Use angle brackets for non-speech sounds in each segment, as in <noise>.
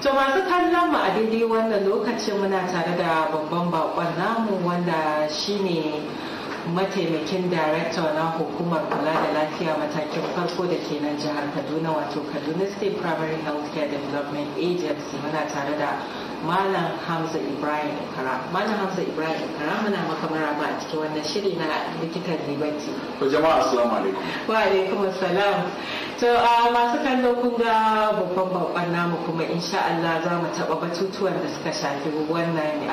To masu kallon mu a daidai wannan lokacin muna tare da babban bakon namu wanda shine mataimakin director na hukumar kula da lafiya matakin farko da ke nan jihar Kaduna wato Kaduna State Primary Health Care Development Agency muna tare da Malam Hamza Ibrahim Okara. Malam Hamza Ibrahim Okara muna maka maraba a cikin wannan shiri na likitan libanci. Ko jama'a assalamu alaikum. Wa alaikum assalam. To a masu kallo kun ga babban babban namu kuma insha Allah za mu taɓa batutuwan da suka shafi wannan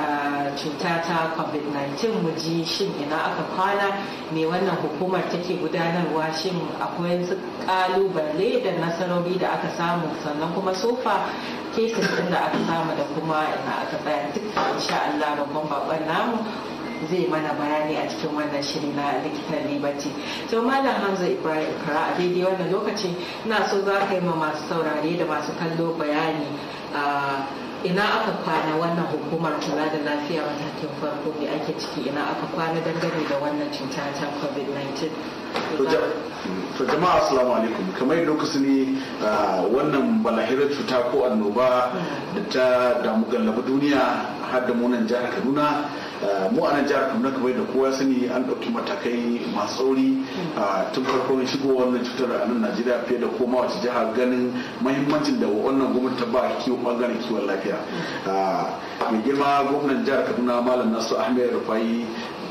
cuta ta COVID-19 mu ji shin ina aka kwana me wannan hukumar take gudanarwa shin akwai kalubale da nasarori da aka samu sannan kuma sofa cases da aka samu da kuma ina aka tsaya in insha Allah babban baban namu zai mana bayani a cikin wannan shiri na likitan libati to malam hamza ibrahim kara a daidai wannan lokacin ina so za ka yi ma masu saurare da masu kallo bayani ah, ina aka kwana wannan hukumar kula da lafiya matakin farko mai ake ciki ina aka kwana dangane da wannan cuta ta covid-19 to jama'a assalamu alaikum kamar yadda kusa ne ah, wannan balahirar cuta ko annoba hmm. da ta damu gallaba duniya har da munan jihar kaduna eh, mu a nan jihar kaduna kamar da kowa sani an ɗauki matakai masu tsauri eh, tun farkon shigo wannan cutar a nan najeriya fiye da koma wace jihar ganin mahimmancin da wannan gwamnati ta ba kiwon bangaren kiwon lafiya eh, mai girma gwamnan jihar kaduna malam nasu ahmed rufai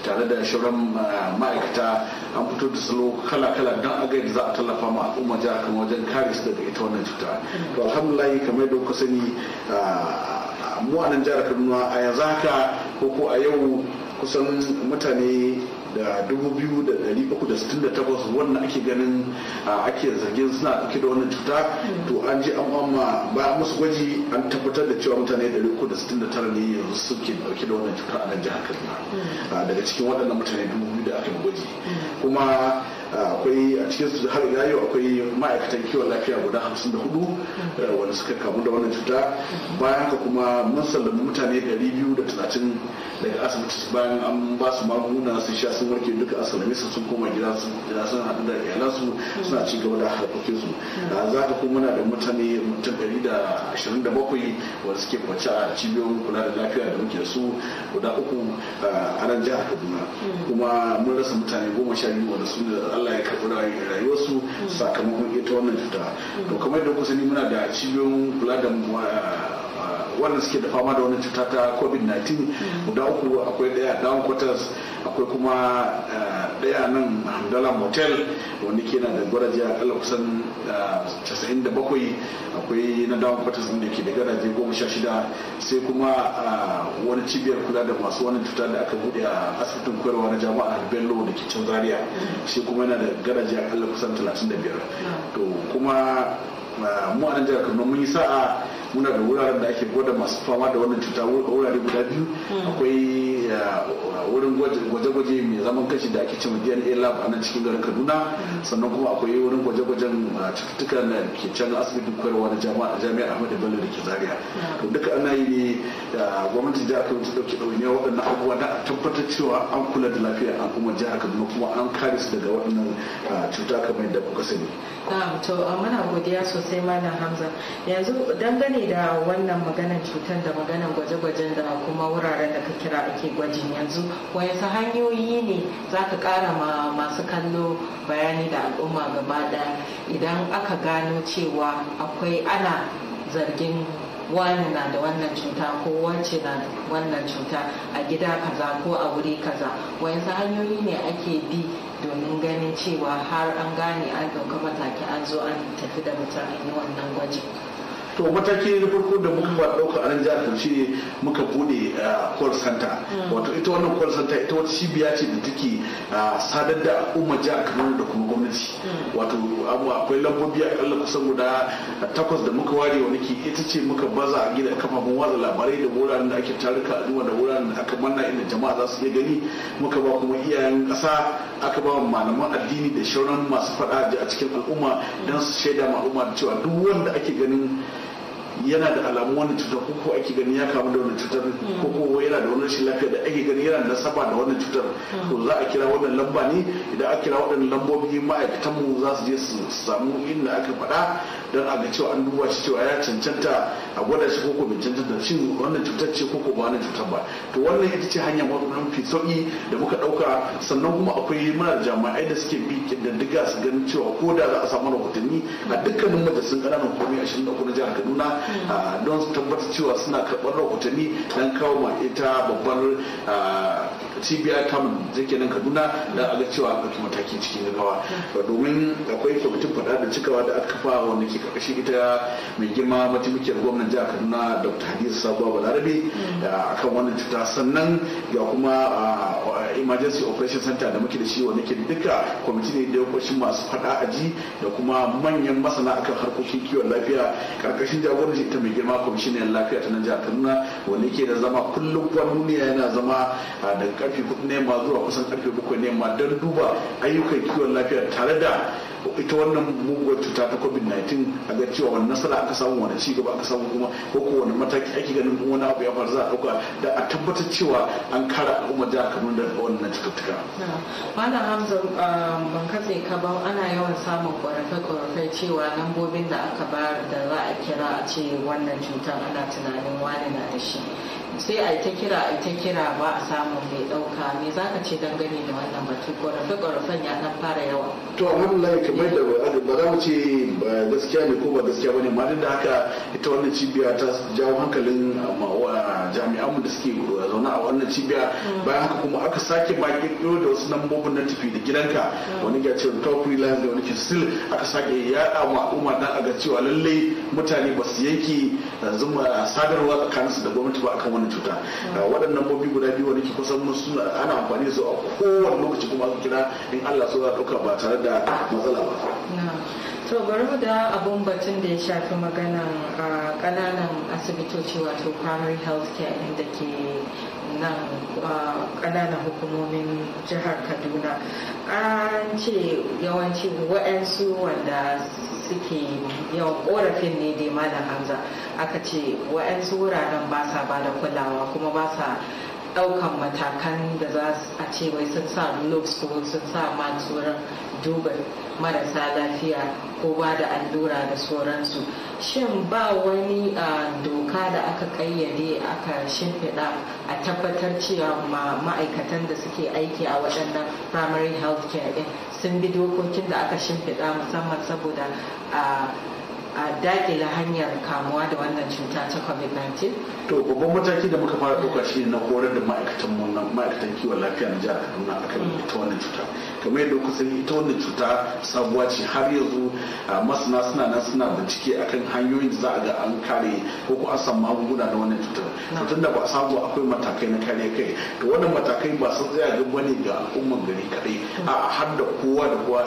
tare da shirin uh, ma'aikata an fito da salo kala-kala don a yadda za a tallafa ma al'umma jihar kan wajen kare su daga ita wannan cuta to alhamdulillah kamar yadda kuka sani uh, mu a nan jihar kaduna a yanzu haka ko ko a yau kusan mutane da 2368 wannan ake ganin ake zargin suna ɗauke da wannan cuta to an ji an amma bayan musu gwaji an tabbatar da cewa mutane 369 ne yanzu suke ɗauke da wannan cuta a nan jihar kaduna hmm. daga cikin waɗannan mutane 2000 da aka gwaji hmm. kuma akwai a cikin su har ina yau akwai ma'aikatan kiwon lafiya guda hamsin da hudu eh, wanda suka kamu da wannan cuta bayan haka kuma mun sallami mutane dari biyu da talatin daga asibiti bayan an ba su magunguna su sha sun warke duka asalami su sun koma gida sun haɗu da su suna ci gaba da harkokin su za ka kuma muna da mutane mutum ɗari da ashirin da bakwai wanda suke kwance a cibiyoyin kula da lafiya da muke su guda uku eh, a nan jihar kaduna kuma mun rasa mutane goma sha biyu wanda su Allah ya karɓi rayuwarsu sakamakon ita wannan cuta to kamar da kusa ni muna da cibiyoyin kula da ah, wanda suke da fama da wani cuta ta covid-19 guda uku akwai daya down quarters akwai kuma daya eh, nan hamdala motel wani ke na da a kala kusan 97 eh, akwai na down quarters da ke da garaje 16 sai kuma eh, wani cibiyar kula da masu wani cuta da aka bude a asibitin koyarwa na jama'a bello da ke can zaria shi kuma yana da garaje kala kusan 35 to kuma mu a nan jihar kano mun yi sa'a muna da wuraren da ake gwada masu fama da wannan cuta wurare guda biyu hmm. akwai uh, wurin gwaje-gwaje mai zaman kashi da ake cewa dna lab a nan cikin garin kaduna sannan kuma akwai wurin gwaje-gwajen uh, cututtukan da ke can asibitin koyarwa na jami'ar ahmadu bello da ke zaria hmm. to duka ana yi ne uh, gwamnati jihar kaduna ta dauki ne waɗannan abubuwa da a tabbatar cewa an kula da lafiyar al'ummar jihar kaduna kuma an kare su daga waɗannan cuta kamar yadda kuka sani. to muna godiya sosai malam hamza yanzu dangane da wannan maganan cutar da maganan gwaje-gwajen da kuma wuraren da ka kira ake gwajin yanzu wayansu hanyoyi ne za ka kara ma masu kallo bayani da al'umma gaba ɗaya idan aka gano cewa akwai ana zargin wani na da wannan cuta ko wance na wannan cuta a gida kaza ko a wuri kaza wayansu hanyoyi ne ake bi domin ganin cewa har an gane an ɗauka mataki an zo an tafi da mutane wannan gwajin to mataki na farko da muka ba ɗauka a nan jihar Bauchi ne muka bude eh, call center mm. wato ita wannan call center ita wata cibiya ce da take eh, sadar da al'umma jihar Kano da kuma gwamnati mm. wato akwai lambobi a kalla kusan guda takwas da muka ware wani ke ita ce muka baza a gida mun wada labarai da wuraren da ake taruka al'umma da wuraren da aka manna inda jama'a za su iya gani muka ba kuma iyayen kasa aka ba malaman addini da shauran masu faɗa a cikin al'umma don su shaida ma al'umma da cewa duk wanda ake ganin yana da alamu wani cutar ko ake gani ya kamu da wani cutar ko ko yana da wani lafiya da ake gani yana da nasaba da wannan cutar to za a kira wannan lamba ne idan a kira waɗannan lambobi ma'aikatan mu za su je su samu inda aka faɗa don a ga cewa an duba shi cewa ya cancanta a gwada shi ko ko bai cancanta shi wannan cutar ce ko ko ba wannan cutar ba to wannan ita ce hanya mafi sauki da muka ɗauka sannan kuma akwai muna jami'ai da suke bi diddiga su ganin cewa ko da za a samu rahotanni a dukkanin majalisun ƙananan komai ashirin da na jihar kaduna Ah, don su tabbatar cewa suna karɓar rahotanni don kawo ma ita babbar ah, cibiyar kam zake nan kaduna da ga cewa an mataki cikin gaggawa domin akwai kwamitin faɗa da cikawa da aka kafa wanda ke ƙarƙashin ita mai girma mataimakiyar gwamnan jihar kaduna dr hadiza sabuwa balarabe mm. ah, akan wannan cuta sannan ga kuma emergency operation center da muke da shi wanda ke duka kwamiti ne da yawanci masu fada aji da kuma manyan masana akan harkokin kiwon lafiya karkashin jagoranci ita mai girma kwamishinan lafiya ta nan jihar kaduna wanda ke da zama kullum duniya yana zama daga karfe kudu ne ma zuwa kusan karfe bakwai ne ma don duba ayyukan kiwon lafiya tare da ita wannan muguwar cuta ta covid-19 a ga cewa wani nasara aka samu wani ci gaba aka samu kuma ko ko wani mataki ake ganin wani abu ya faru za a dauka da a tabbatar cewa an kara al'ummar jihar Kaduna da wannan cututtuka. Malam Hamza um, ban katse ka ba ana yawan samun kwarafe-kwarafe cewa lambobin da aka ba da za a kira a ce wannan cutar ana tunanin wani na da shi. sai a ta kira a ta kira ba a samu mai dauka me za ka ce dangane da wannan batu kwarafe korafen ya dan fara yawa to kamar da ba za mu ce ba gaskiya ne ko ba gaskiya bane ma a da haka ita wannan cibiya ta jawo hankalin jami'an mu da suke zaune a wannan cibiya mm. bayan haka kuma aka sake ba kirkiro da wasu lambobin na tafi da gidanka mm. wani ya ce top freelance da wani ke aka sake yada ma al'umma dan a ga cewa lallai mutane ba su yanke eh, zuma sadarwa tsakanin su da gwamnati ba akan wannan cuta mm. eh, waɗannan bobi guda biyu wani ke kusan ana amfani da su a kowane lokaci kuma kira in Allah so za ɗauka ba tare da matsala to bari mu da abun batun da ya shafi maganan kananan ah, asibitoci wato primary health care inda ke nan kananan ah, hukumomin jihar kaduna an ce yawanci wa'ansu wanda suke yawan korafin ne dai malam hamza aka ce wa'ansu wuraren ba sa ba da kulawa kuma ba sa daukan matakan da za a ce wai sun sa gloves ko sun sa matsuwar duba marasa lafiya ko ba da allura da sauransu shin ba wani doka da aka kayyade aka shimfiɗa a tabbatar cewa ma'aikatan da suke aiki a waɗannan primary health care sun bi dokokin da aka shimfiɗa musamman saboda a a dakila hanyar kamuwa da wannan cuta ta covid-19 to babban mataki da muka fara dauka shi na horar da ma'aikatan ma'aikatan kiwon lafiya na jihar kaduna akan ita wannan cuta kamar yadda kusa sani ita wanda cuta sabuwa ce har yanzu masana suna nan suna bincike akan hanyoyin da za a ga an kare ko ko an samu magunguna na wannan cutar cutar da ba a samu akwai matakai na kare kai to wannan matakai ba sun tsaya ga bane ga al'umman gari kadai a har da kowa da kowa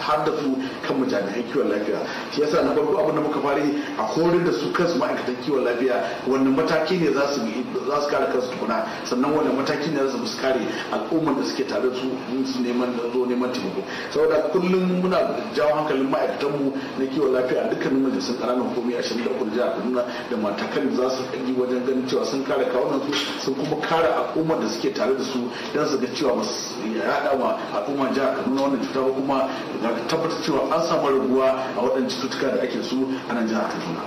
har da su kan jami'an kiwon lafiya shi yasa na farko abin da muka fara a horar da su kansu ma'aikatan kiwon lafiya wannan mataki ne za su za su kare kansu tukuna sannan wannan mataki ne za su kare al'umman da suke tare da su su neman zo neman taimako saboda kullum muna jawo hankalin mu na kiwon lafiya dukkanin majalisun ƙananan a shirin da kudu jihar kaduna da matakan da za su ɗagi wajen ganin cewa sun kare kawunan su sun kuma kare al'ummar da suke tare da su don su ga cewa ba yaɗa wa ja jihar kaduna wannan cuta ba kuma ga tabbatar cewa an samu raguwa a waɗannan cututtuka da ake su a nan jihar kaduna.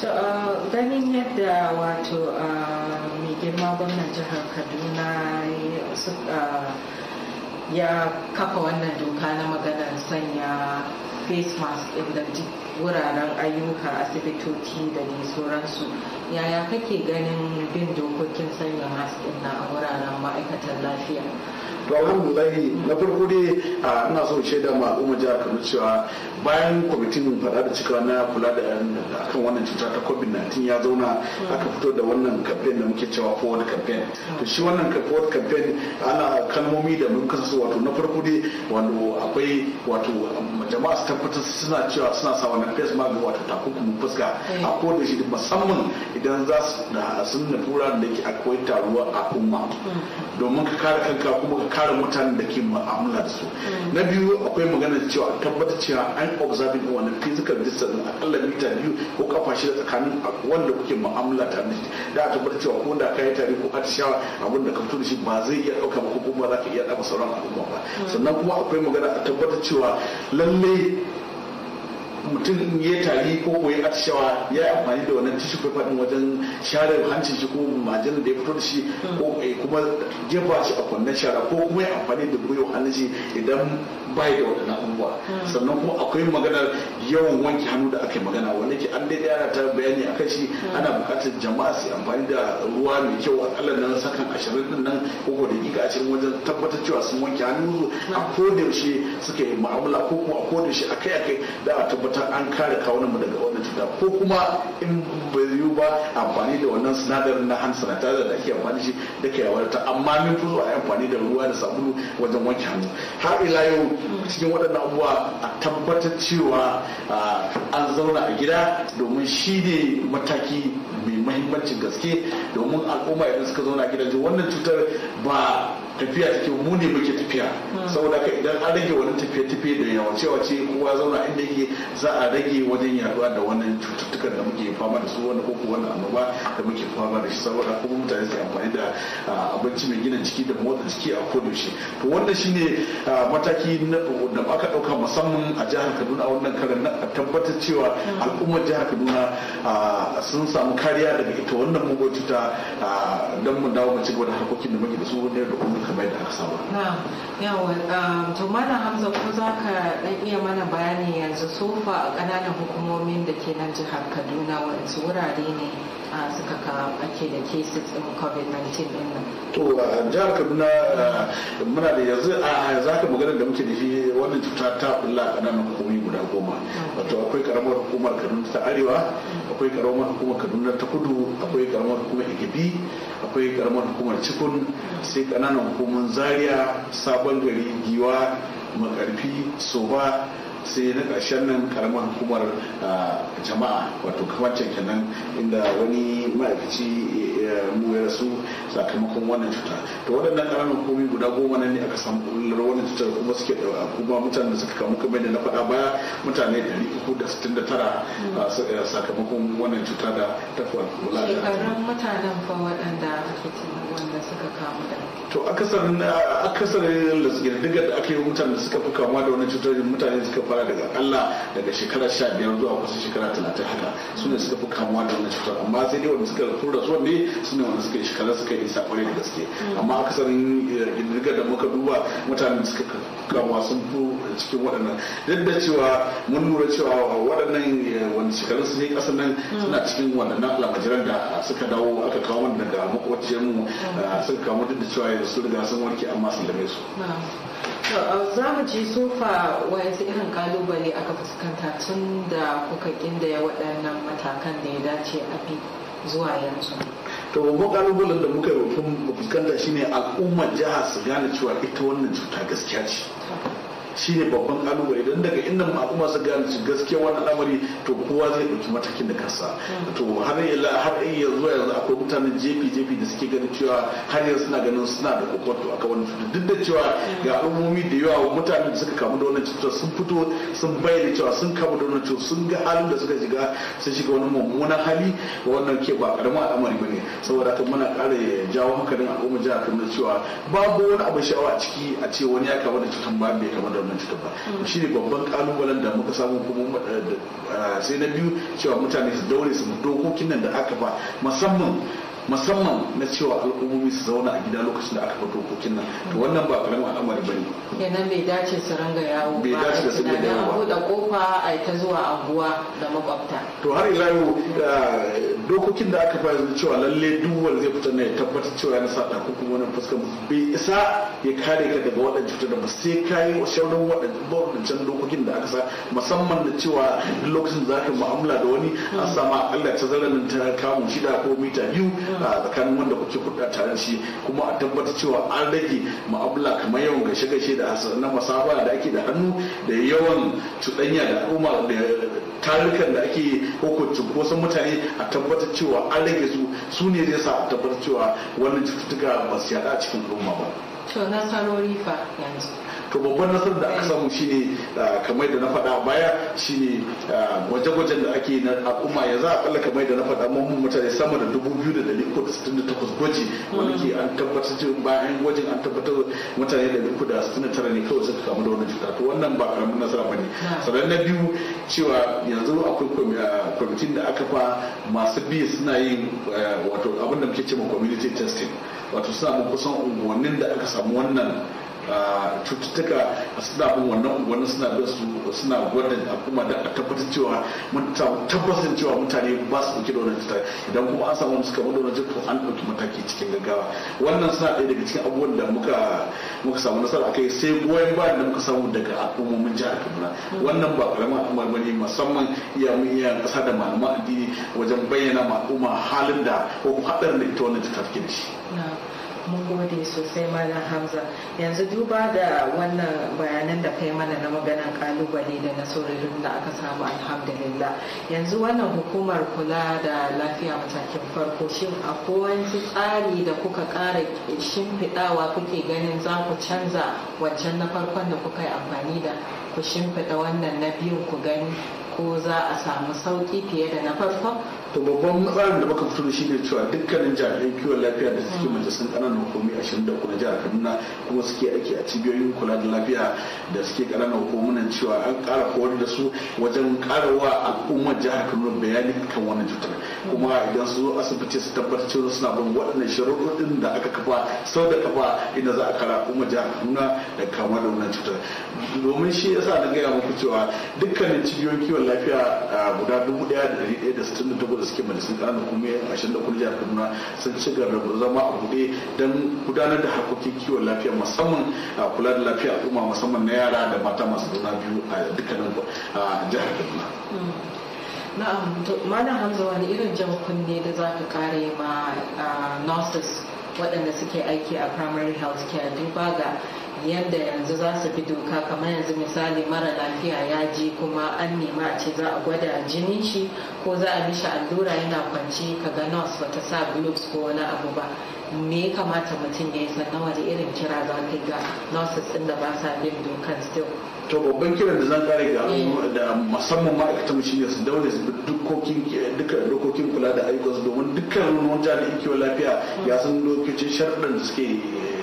to uh, ganin yadda wato uh, mai girma gwamnan jihar kaduna uh, ya kafa wannan doka na maganar sanya face mask ɗin da wuraren ayyuka asibitoci da ne sauransu yaya kake ganin bin dokokin sanya mask ɗin na wuraren ma'aikatan lafiya to alhamdulillah na farko dai ina so shaida ma al'umma jihar Kano cewa bayan kwamitin fada da cika na kula da akan wannan cuta ta covid-19 ya zauna aka fito da wannan campaign da muke cewa forward campaign to shi wannan forward campaign ana kalmomi da mun kasa wato na farko dai wato akwai wato jama'a su tabbatar suna cewa suna sa wannan face mask wato takunkumin fuska a koda shi musamman idan za su da sun da tura da ke akwai taruwa a umma mm. domin ka kare kanka kuma ka kare mutane da ke mu'amala da su mm. na biyu akwai magana cewa tabbata cewa an observing wani physical distance kalla mita biyu ko kafa shida tsakanin wanda kuke mu'amala ta da da a tabbata cewa ko da kayi tare ko atishawa abin da ka fito da shi ba zai iya ɗauka ba ko kuma za ka iya ɗaba sauran al'umma ba mm. sannan kuma akwai magana a tabbata cewa lallai mutum ya tari ko ko ya atishawa ya yi amfani da wannan tishu paper din wajen share hancin shi ko majalin da ya fito da shi ko eh, kuma jefa shi a kwanan shara ko kuma ya amfani da buyo hannun shi idan bai da waɗannan abubuwa hmm. sannan kuma akwai maganar yawan wanke hannu da aka yi magana wanda ke an daidai ana ta bayani a kai shi hmm. ana buƙatar jama'a su amfani da ruwa mai kyau a akalla nan sakan ashirin din nan ko da giga ashirin wajen tabbatar cewa sun wanke hannu a kodayaushe suka yi ma'amala ko kuma a kodayaushe akai akai da a tabbatar an kare kawunan mu daga wannan cuta ko kuma in bai yiwu ba amfani da wannan sinadarin na hand sanitizer da ake amfani shi da kai ta amma min fi zuwa amfani da ruwa da sabulu wajen wanke hannu har ila yau cikin waɗannan abubuwa a tabbatar cewa ah, an zauna a gida domin shi ne mataki mai mahimmancin gaske domin al'umma idan suka zauna gidaje wannan cutar ba tafiya take mu ne muke tafiya saboda ka idan an rage wani tafiye-tafiye da yawa cewa ce kowa zauna inda yake za a rage wajen yaduwa da wannan cututtukan da muke fama da su wanda ko ko wannan annoba da muke fama da shi saboda kuma mutane su amfani da abinci mai gina jiki da motsa jiki a shi to wannan shine mataki na da aka dauka musamman a jihar Kaduna a wannan karan na tabbatar cewa al'ummar jihar Kaduna sun samu kare kariya daga ita wannan mugun cuta don mu dawo mu ci gaba da harkokin da muke da su ne da kuma kamar yadda aka saba. yawa um, to malam hamza ko za ka dan iya mana bayani yanzu sofa a ƙananan hukumomin da ke nan jihar kaduna wasu wurare ne suka kawo ake da cases din covid-19 din nan to jihar kaduna eh, muna da yanzu a zaka magana da muke da shi wannan cuta ta bulla kananan hukumomi guda goma wato akwai karamar hukumar kaduna ta arewa mm. akwai karamar hukumar kaduna ta kudu akwai karamar hukumar igibi akwai karamar hukumar cikun sai kananan hukumar zaria sabon gari giwa makarfi soba sai na ƙarshen nan karamar hukumar ah, jama'a wato kawancan kenan inda wani ma'aikaci eh, eh, sakamakon wannan cuta to waɗannan ƙananan komi guda goma nan ne aka samu ƙullar wannan cutar kuma suke da kuma mutanen da suka kamu kamar da na faɗa baya mutane tara sakamakon wannan cuta da ta faru da shekarun mutanen fa waɗanda wanda suka kamu da to akasarin akasarin lasgirdiga da aka yi mutanen da suka fi kamuwa da wannan cutar mutane suka fara daga Allah daga shekara sha biyar zuwa kusan shekara 30 haka su ne suka fi kamuwa da wannan cutar amma sai dai wanda suka fi rasuwa ne su ne wanda suka yi shekara suka yi nisa kwarai da gaske amma akasarin eh, girgizar da muka duba mutane da suka kama sun fi cikin waɗannan duk da cewa mun lura cewa waɗannan eh, wani shekarun su ne ƙasar nan suna cikin waɗannan almajiran da suka dawo aka kawo wanda daga makwaciyar mu eh, suka kawo duk da cewa yanzu sun riga sun warke amma sun lame su. za mu ji sofa wayansu irin kalubale aka fuskanta tun da kuka ya waɗannan matakan da ya dace a bi zuwa yanzu. to babban kalubalen da muka fuskanta shine al'ummar jihar su gane cewa ita wannan cuta gaskiya ce shine babban kalubale don daga inda al'umma su gane su gaskiya wannan lamari to kowa zai ɗauki matakin da kansa to har yanzu har in yanzu yanzu akwai mutanen jefi jefi da suke ganin cewa har yanzu suna ganin suna da kokonto akan wani fito. duk da cewa ga al'ummomi da yawa mutanen da suka kamu da wannan cutar sun fito sun bayyana cewa sun kamu da wannan cutar sun ga halin da suka shiga sun shiga wani mummunan hali wannan ke ba karamin al'amari ne saboda haka muna ƙara jawo hankalin al'umma jihar Kano cewa babu wani abu sha'awa a ciki a ce wani ya kamu da cutar ba bai kamu da wannan cutar ba shi ne babban kalubalen da muka samu kuma eh, eh, sai na biyu cewa mutane su daure su dokokin nan da aka ba musamman musamman na cewa al'ummomi su zauna a gida lokacin da aka fito kokin nan to wannan ba karamin al'amari bane kenan bai dace su ranga yawo bai dace da su da yawo ba buɗe kofa a ita zuwa anguwa da makwabta to har ila yau dokokin da aka fara cewa lalle duk wanda zai fita ne ya tabbatar cewa yana sa takunkumin wannan fuskar bai isa ya kare ka daga waɗanda cutar da ba sai ka yi shauran waɗancan dokokin da aka sa musamman da cewa lokacin da za ka mu'amala da wani a sama zarra nan ta kamun shida ko mita biyu a tsakanin wanda kuke kudda tare shi kuma a tabbata cewa an rage mu'amala kamar yawan gashe-gashe da na masafa da ake da hannu da yawan cuɗanya da al'umma da tarukan da ake ko kusan mutane a tabbatar cewa an rage su su ne zai sa a tabbatar cewa wannan cututtuka ba su yada a cikin al'umma ba. to na sarori fa yanzu. to babban nasarar da aka samu shine ah, kamar da na faɗa baya shine ah, gwaje-gwajen da ake na al'umma za a kalla kamar da na faɗa mun mutane sama da dubu biyu da ɗari da sittin da takwas gwaji wani ke an tabbatar cewa bayan gwajin an tabbatar mutane da uku da sittin da tara ne kawai suka kamu da wannan cuta to wannan ba karamin nasara ba ne sannan na biyu cewa yanzu akwai ah, kwamitin da aka fa masu biyu suna yin eh, wato abin da muke cewa community testing wato suna kusan unguwannin da aka samu wannan cututtuka suna bin wannan unguwannin suna bin su suna gwada al'umma da a tabbatar cewa mun tabbatar cewa mutane ba su ɗauki da wannan cuta idan kuma an samu suka bude wannan to an dauki mataki cikin gaggawa wannan suna ɗaya daga cikin abubuwan da muka muka samu nasara akai sai goyon ba da muka samu daga al'ummomin jihar Kaduna wannan ba ƙaramin al'umma ne musamman iya mun iya ƙasa da malaman addini wajen bayyana ma al'umma halin da ko haɗarin da ita wannan cuta take da shi mun gode sosai malam hamza yanzu duba da wannan bayanan da kai mana na maganan kalubale da na nasarorin da aka samu alhamdulillah yanzu wannan hukumar kula da lafiya matakin farko shin akwai wani tsari da kuka ƙara shimfiɗawa kuke ganin za ku canza wancan na farkon da kuka yi amfani da ku shimfiɗa wannan na biyu ku gani ko za a samu sauki fiye da na farko? to babban matsalar da muka fito da shi ne cewa dukkanin jami'an kiwon lafiya da suke majalisun ƙananan hukumi ashirin da na jihar kaduna kuma suke aiki a cibiyoyin kula da lafiya da suke ƙananan hukumin cewa an ƙara kowar da su wajen ƙara wa al'ummar jihar kaduna bayani kan wannan cutar kuma idan su zo asibiti su tabbatar cewa suna bin waɗannan sharuɗin da aka kafa sau da kafa inda za a kara kuma jihar kaduna da kama da wannan cutar domin shi yasa na gaya muku cewa dukkanin cibiyoyin kiwon lafiya guda dubu ɗaya da ɗari ɗaya da sittin da takwas da suke majalisun ƙananan kuma ashirin da kuma jihar kaduna sun ci gaba da zama a buɗe don gudanar da harkokin kiwon lafiya musamman kula da lafiya al'umma musamman na yara da mata masu zauna biyu a dukkanin jihar kaduna. Hmm. na'am malam hamza wani irin jan kunne da za ka kare ma nurses waɗanda suke aiki a primary health care duba ga yadda yanzu za su bi doka kamar yanzu misali mara lafiya ya ji kuma an nema a ce za a gwada jinin shi ko za a mishi allura yana kwanci ga nurse ba ta sa gloves ko wani abu ba me ya kamata mutum ya yi sannan wani irin kira za ka ga nurses ɗin da ba sa bin dokan still to babban kiran da zan kare ga da musamman ma'aikatan mu shine su daure su dukkokin duka dokokin kula da ayyukansu domin dukkan ruwan jami'in kiwon lafiya ya san lokacin sharɗin da suke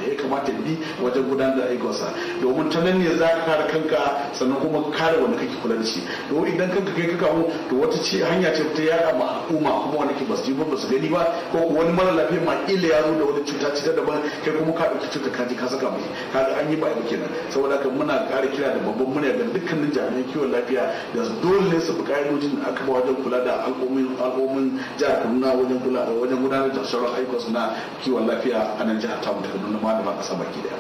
ya kamata bi wajen gudanar da aikinsa domin ta nan ne za ka kare kanka sannan kuma kare wanda kake kula da shi domin idan kanka kai ka kamu to wata ce hanya ce ta yaɗa ma al'umma kuma wanda ke basu ji ba basu gani ba ko wani mara lafiya ma ila ya zo da wata cuta ce ta daban kai kuma ka ɗauki cutar ka ka saka mai kaga an yi ba abu kenan saboda haka muna ƙara kira da babban murya ga dukkanin jami'an kiwon lafiya da dole ne su bi ka'idojin da aka ba wajen kula da al'ummin jihar kaduna wajen gudanar da sauran aiko na kiwon lafiya a nan jihar tamu da kaduna ma da ma baki daya.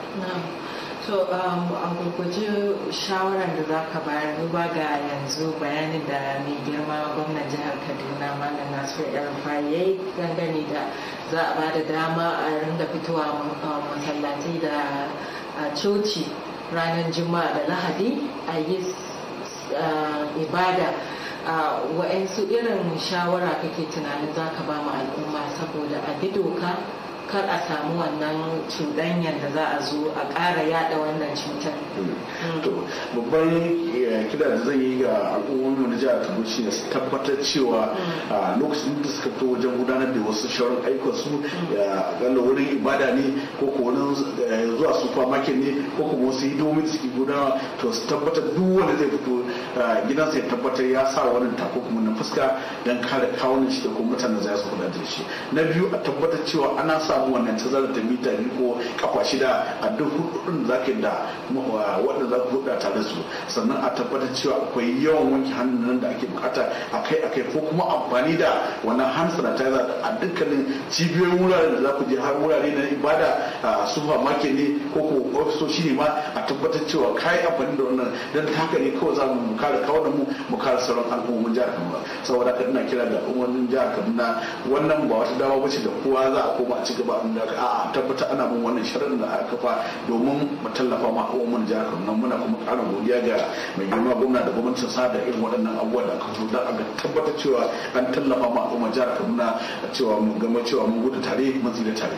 so um, a gurguji shawarar da za ka bayar duba ga yanzu bayanin da mai girma gwamnan jihar kaduna malam nasiru yarfa ya yi dangane da za a ba da dama a ringa fitowa masallatai da coci ranar juma'a da lahadi a yi uh, ibada a wa'ansu irin shawara kake tunanin za ka ba mu al'umma saboda a bi doka kar a samu wannan cuɗanyar da za a zo a ƙara yada wannan cutar. Hmm. to babban eh, kida da zan yi ga al'ummomi na jihar kano shi ne su tabbatar cewa hmm. lokacin da suka fito wajen gudanar da wasu shawarar aikansu. su gano hmm. wurin ibada ne ko ko wani eh, zuwa supermarket ne ko kuma wasu hidomi da suke gudanarwa to su tabbatar duk wanda zai fito gidansa ya tabbatar ya sa wani takunkumin na fuska don kare kawunan shi da kuma mutanen za su kula da shi na biyu a tabbatar cewa ana sa samu wannan tazarar ta mita biyu ko kafa shida a duk hudun da ka da ah, waɗanda za ku huɗa tare su sannan a tabbatar cewa akwai yawan wanke hannun nan da ake bukata akai akai ko kuma amfani da wannan hand sanitizer a dukkanin cibiyoyin wuraren da za ku je har wurare na ibada a ah, supermarket ne ko ko ofisoshi ne ma a tabbatar cewa kai amfani da wannan dan haka ne kawai za mu kare kawar da mu mu kare sauran al'ummomin jihar Kaduna saboda haka ina kira da al'ummomin jihar Kaduna wannan ba wata ba ce da kowa za a koma a ci gaba ba a tabbata ana mun wannan shirin da aka kafa domin mu tallafa ma al'ummar jihar Kaduna muna kuma karin godiya ga mai girma gwamna da gwamnatin sa da irin waɗannan abubuwa da aka zo da aka tabbata cewa an tallafa ma al'ummar jihar Kaduna cewa mun gama cewa mun gudu tare mun zira tare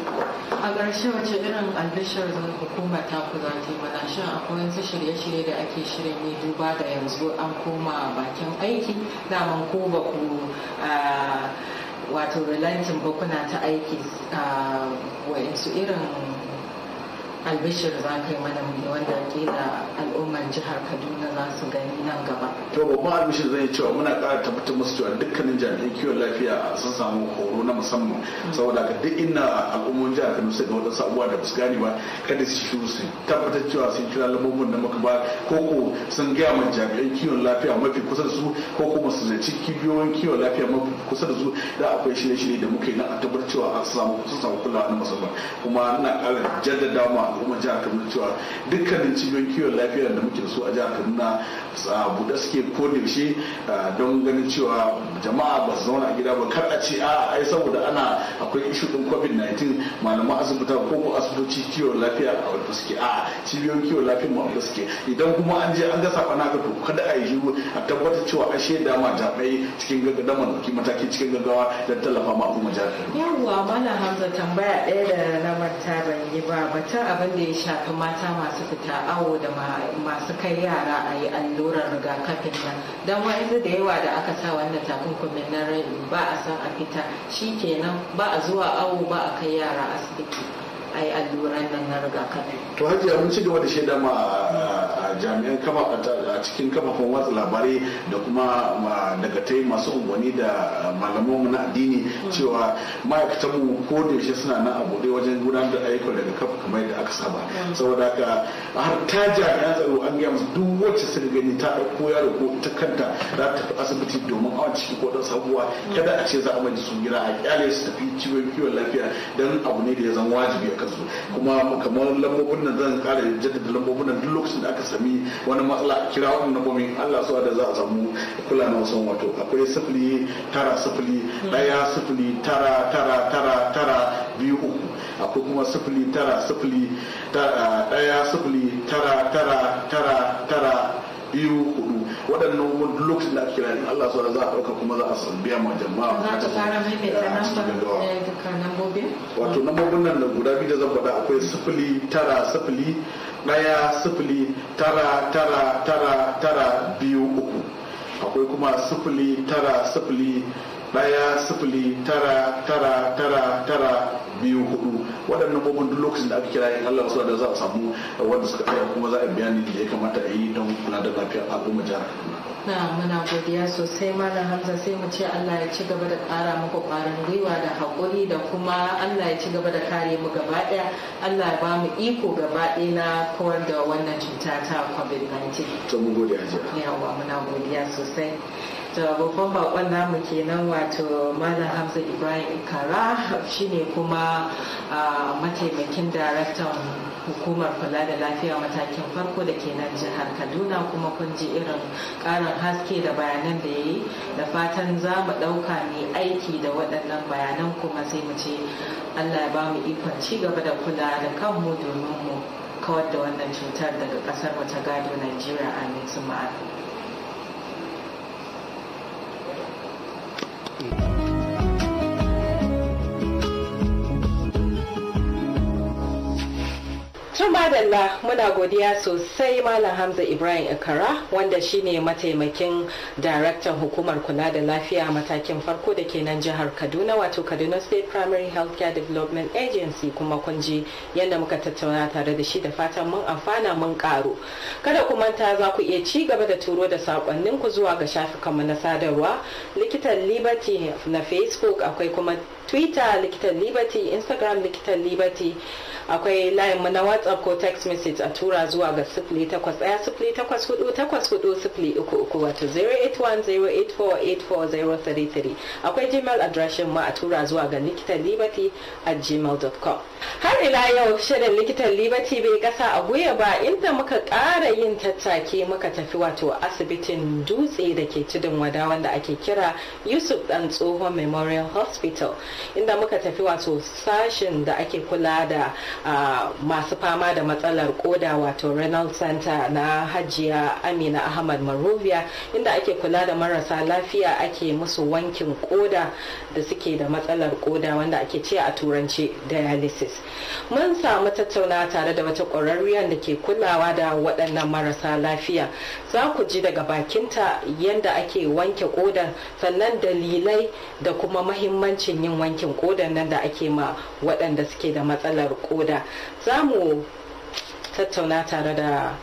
a ƙarshe wace irin albishar hukuma ta ku za ta yi mana shin akwai wasu shirye-shirye da ake shirin ne duba da yanzu an koma bakin aiki daman ko ba ku ah, wato reliance bukuna ta aiki ah, wa'insu irin albishir za ka yi mana mai wanda kila al'ummar jihar kaduna za su gani nan gaba to babban albishir zai cewa muna ƙara tabbatar musu cewa dukkanin jami'an kiwon lafiya sun samu horo na musamman saboda ka duk inda al'ummar jihar kaduna sai ga wadansu abubuwa da basu gane ba kada su shiru su tabbatar cewa sun kira lambobin da muka ba ko ko sun gaya ma jami'an kiwon lafiya mafi kusa da su ko kuma su zaci kibiyoyin kiwon lafiya mafi kusa da su da akwai shirye-shirye da muke na a tabbatar cewa an samu kusa samu kulawa na musamman kuma ina kara jaddada ma al'ummar jihar kaduna cewa dukkanin cibiyoyin kiwon lafiya da muke da su a jihar kaduna a buɗe suke ko yaushe don ganin cewa jama'a ba su zauna a gida ba kar a ce a ai saboda ana akwai ishu ɗin covid-19 malaman asibita ko ko asibitoci kiwon lafiya a wani suke a cibiyoyin kiwon lafiya ma wani suke idan kuma an je an ga saɓana ka to kada a yi shiru a tabbatar cewa an shaida ma jami'ai cikin gaggawa da mataki cikin gaggawa don tallafa ma kuma jihar yawwa mana hamza tambaya ɗaya da na manta ban yi ba batun abin da ya shafi mata masu fita awo da masu kai yara a yi allurar rigakafin nan don wa'insu da yawa da aka sa wannan takunkumin na rai ba a san a fita shi kenan ba a zuwa awo ba a kai yara asibiti a yi alluran nan na rigakafi. to hajiya mun ci gaba da shaida ma a jami'an a cikin kafafen watsa labarai da kuma daga ta masu unguwanni da malamanmu na addini cewa ma'aikatanmu ko da yaushe suna nan a buɗe wajen gudanar da ayyukan daga kafa kamar yadda aka saba saboda haka har ta jami'an tsaro an gaya musu duk wacce suka gani ta ɗauko yaro ko ta kanta za ta tafi asibiti domin awa ciki ko ɗan sabuwa kada a ce za a mai su gira a kyale su tafi ciwon kiwon lafiya don abu ne da ya zama wajibi a kansu kuma kamar lambobin nan zan kara jaddada lambobin nan duk lokacin da aka sami wani matsala kira wannan lambobin Allah su da za a samu kula na wasan wato akwai sifili tara sifili daya sifili tara tara tara tara biyu uku akwai kuma sifili tara sifili daya sifili tara tara tara tara biyu hudu waɗannan wani lokacin da ake rayu Allah su za a ɗauka kuma za a san biya ma jama'a za ta fara maimaita nambobin wato nambobin nan da guda biyu da zan faɗa akwai sifili tara sifili ɗaya sifili tara tara tara tara biyu uku akwai kuma sifili tara sifili daya sifili tara tara tara tara biyu hudu waɗannan bobin duk lokacin da aka kira in Allah rasu da za a samu wanda suka tsaya kuma za a ni da ya kamata a yi don kula da lafiyar al'umma jihar na muna godiya sosai malam hamza sai mu ce allah ya ci gaba da ƙara muku ƙwarin gwiwa da haƙuri da kuma allah ya ci gaba da kare mu gaba ɗaya allah ya ba mu iko gaba ɗaya na kawar da wannan cuta ta covid-19 to mu gode yawa muna godiya sosai da babban bakon namu kenan wato malam hamza ibrahim ikara shine kuma mataimakin daraktan hukumar kula da lafiya matakin farko da ke nan jihar kaduna kuma kun ji irin karin haske da bayanan da ya yi da fatan za mu ɗauka mai aiki da waɗannan bayanan kuma sai mu ce allah ya ba mu ikon ci gaba da kula da kanmu domin mu kawar da wannan cutar daga ƙasar mu ta gado najeriya a su ma'a happy. tun madalla muna godiya sosai Malam Hamza Ibrahim Ikara wanda shine mataimakin daraktan hukumar kula da lafiya matakin farko da ke nan jihar Kaduna wato Kaduna State Primary Healthcare Development Agency kuma kun ji yadda muka tattauna tare da shi da fatan mun amfana mun karo Kada ku manta za ku iya ci gaba da turo da sakonnin ku zuwa ga shafukanmu na sadarwa likitan Liberty na Facebook akwai kuma Twitter likitan Liberty Instagram likitan Liberty akwai layin mu na whatsapp ko text message a tura zuwa ga uku wato 0810848433 akwai gmail adireshin mu a tura zuwa ga likitan liberty at gmail.com har ila yau shirin likitan liberty bai kasa a guya ba inda muka kara yin tattaki muka tafi wato asibitin dutse da ke tudun wada wanda ake kira yusuf dan tsohon memorial hospital inda muka tafi wato sashin da ake kula da masu fama da matsalar koda wato renal center na hajiya amina ahmad marovia inda ake kula da marasa lafiya ake musu wankin koda da suke da matsalar koda wanda ake ce a turanci dialysis mun samu tattauna tare da wata ƙwararriyar da ke kulawa da waɗannan marasa lafiya za ku ji daga bakinta yadda ake wanke kodan sannan dalilai da kuma mahimmancin yin wankin kodan nan da ake ma waɗanda suke da matsalar koda guda za mu tattauna tare da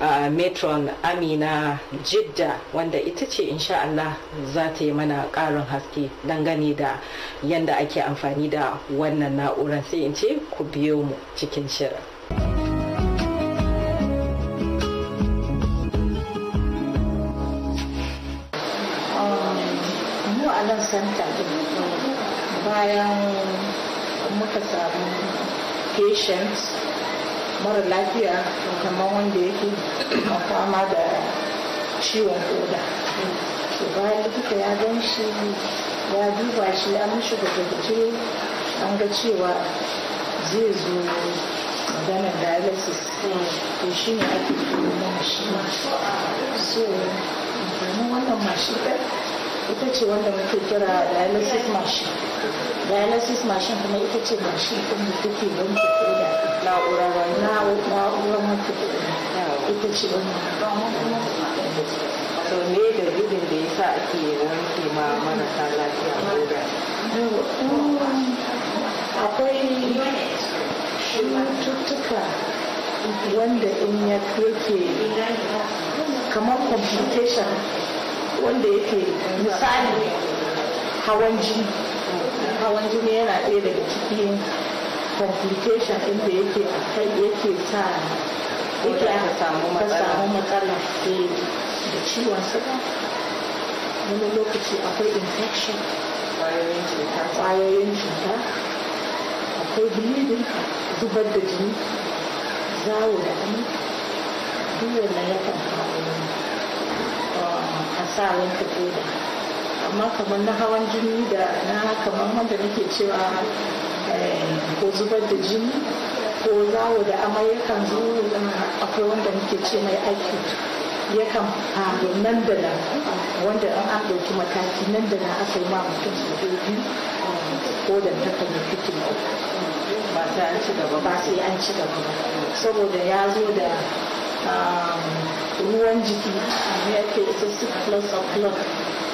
Uh, metron amina jidda wanda ita ce insha Allah za ta yi mana karin haske dangane da yadda ake amfani da wannan na'urar sai in ce ku biyo mu cikin shirin bayan muka samu patients mara lafiya kamar wanda yake a fama da ciwon koda to bayan likita ya gan shi ya duba shi ya mishi da gwaje an ga cewa zai zo maganar dialysis to shi ne ake kuma mashi so amfanin wannan mashi ɗaya ita ce wanda muke kira dialysis machine dialysis machine kuma ita ce machine ɗin da take wanke da na'urar na'urar wanke koda ita ce da to me dalilin da ya sa ake wanke ma marasa lafiya koda akwai cututtuka wanda in ya yake kamar complication wanda yake misali hawan jini hawan jini yana ɗaya daga cikin complication inda yake yake sa yake aka samu matsala eh, da ciwon suga wani lokaci akwai infection kwayoyin cuta akwai bleeding zubar da jini zawo da ɗan duk wannan yakan kawo sa wanka da amma kamar na hawan jini da na kamar wanda nake cewa eh, ko zubar da jini ko zawo da amai yakan zo akwai wanda nake ce mai aiki yakan faru nan da nan wanda an an ɗauki mataki nan da nan aka yi ma mutum su zobi ko da ta kanyar fitin ba sai an ci gaba ba ci gaba saboda ya zo da Um, ruwan jiki ya ke excessive loss of blood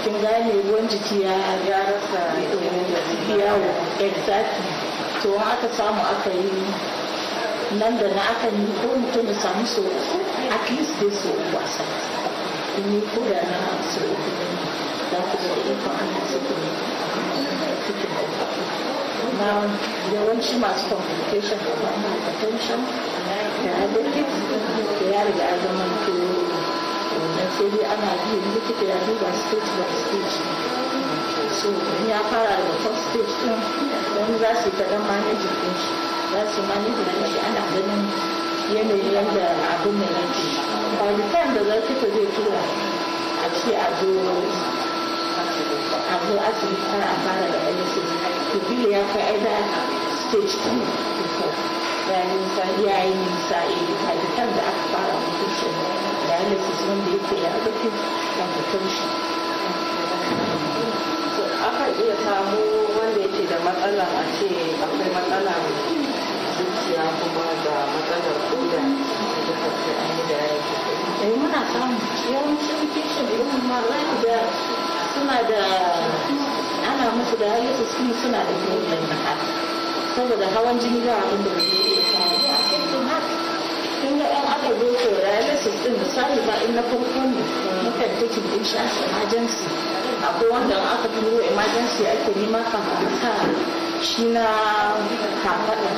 kin gane ruwan jiki ya ya rasa yawo exactly to aka samu aka yi nan da na aka yi ko mutum da samu so at least dai so uku a sati ni ko da na so uku da ku da ikon Allah so ku na yawanci masu complication da hypertension da diabetes da ya zama to wannan sai dai ana biyu likita ya duba stage by stage so ya fara da top stage din wani za su ta dan manage din shi za su manage din shi ana ganin yanayi yadda abin da yake by the time da za su ta zai tura a ce a zo a zo asibiti har a fara da alisin to biyu ya kai aida stage 2 ya yi nisa ya yi nisa a eh, da aka fara yake dialysis wanda yake iya samu wanda yake da matsala a ce akwai matsala zuciya kuma da matsalar koda da kafin an da yake muna samu yawancin kishin irin ma za ku ga suna da ana musu da halittu suna da problem na saboda hawan jini ga abin da zo saurari lesson din misali ba in na farko ne mukan takin din shi as emergency akwai wanda aka turo emergency ake nema kafin sa shi na kafaɗa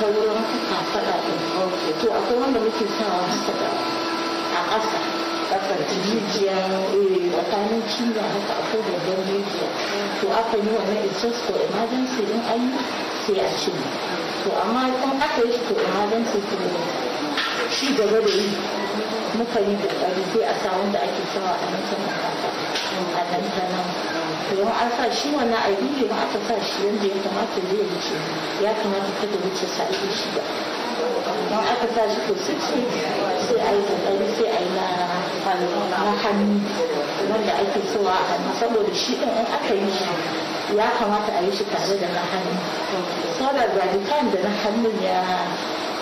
ta wurin kafaɗa ɗin to akwai wanda muke sawa su a ƙasa kasar jijiya tsakanin cinya haka akwai babban rijiya to aka yi wannan it's just for emergency din an sai a ci to amma kuma aka yi shi to emergency sai ci gaba da yi muka yi kokari sai a samu da ake sawa a mutum a dandanan to an sa shi wannan a biyu ma aka sa shi yadda ya kamata zai wuce ya kamata ta da wuce sa ake shi ba don aka sa shi ko six sai a yi kokari sai a yi na hannu wanda ake sawa a hannu saboda shi ɗin in aka yi shi ya kamata a yi shi tare da na hannu saboda by kan da na hannun ya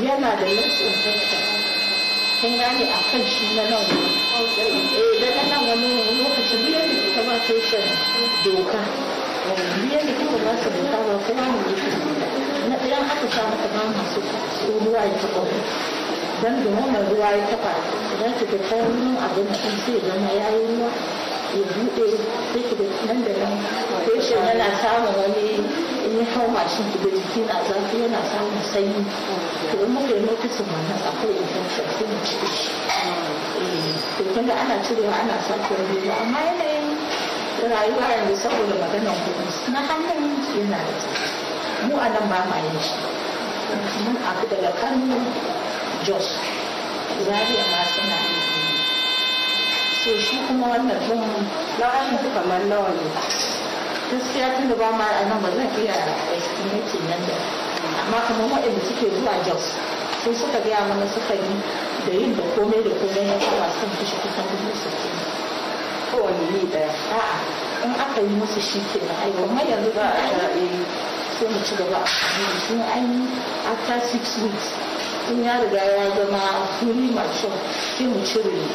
yana da nasin kanta kun gane a kan shi na nan eh da na nan wani lokacin biya ne kuka ba ta tushen doka biya ne kuka ba ta doka ba kuma mu yi na ɗaya aka sa maka ba masu ruwa ya taɓa don da wannan ruwa ya taɓa za ta kawo kayan abinci sai zama ya yi ruwa ya buɗe sai ki nan da nan yana samun wani in ya hau mashin da jiki na zafi yana samun sanyi to in muka yi notisin wannan akwai infection sai mu cire shi to kun ana cirewa ana sake rabewa amma yanayin rayuwa yanzu saboda maganar kuɗi na hannun yana da mu a nan ba ma yin shi mun abu daga jos zariya ma suna yi so shi kuma wannan ɗin laurashin su kamar nawa ne gaskiya tun da ba ma a nan ba zan iya estimating nan da amma kamar waɗanda suke zuwa jos sun suka gaya mana suka yi da yin da komai da komai na kuma sun kashe kusan dubu sittin kowane yi ɗaya a'a in aka yi musu shi ke na ai kuma yanzu ba a yi sai mu ci gaba sun an yi after six weeks in ya riga ya zama mai kyau sai mu cire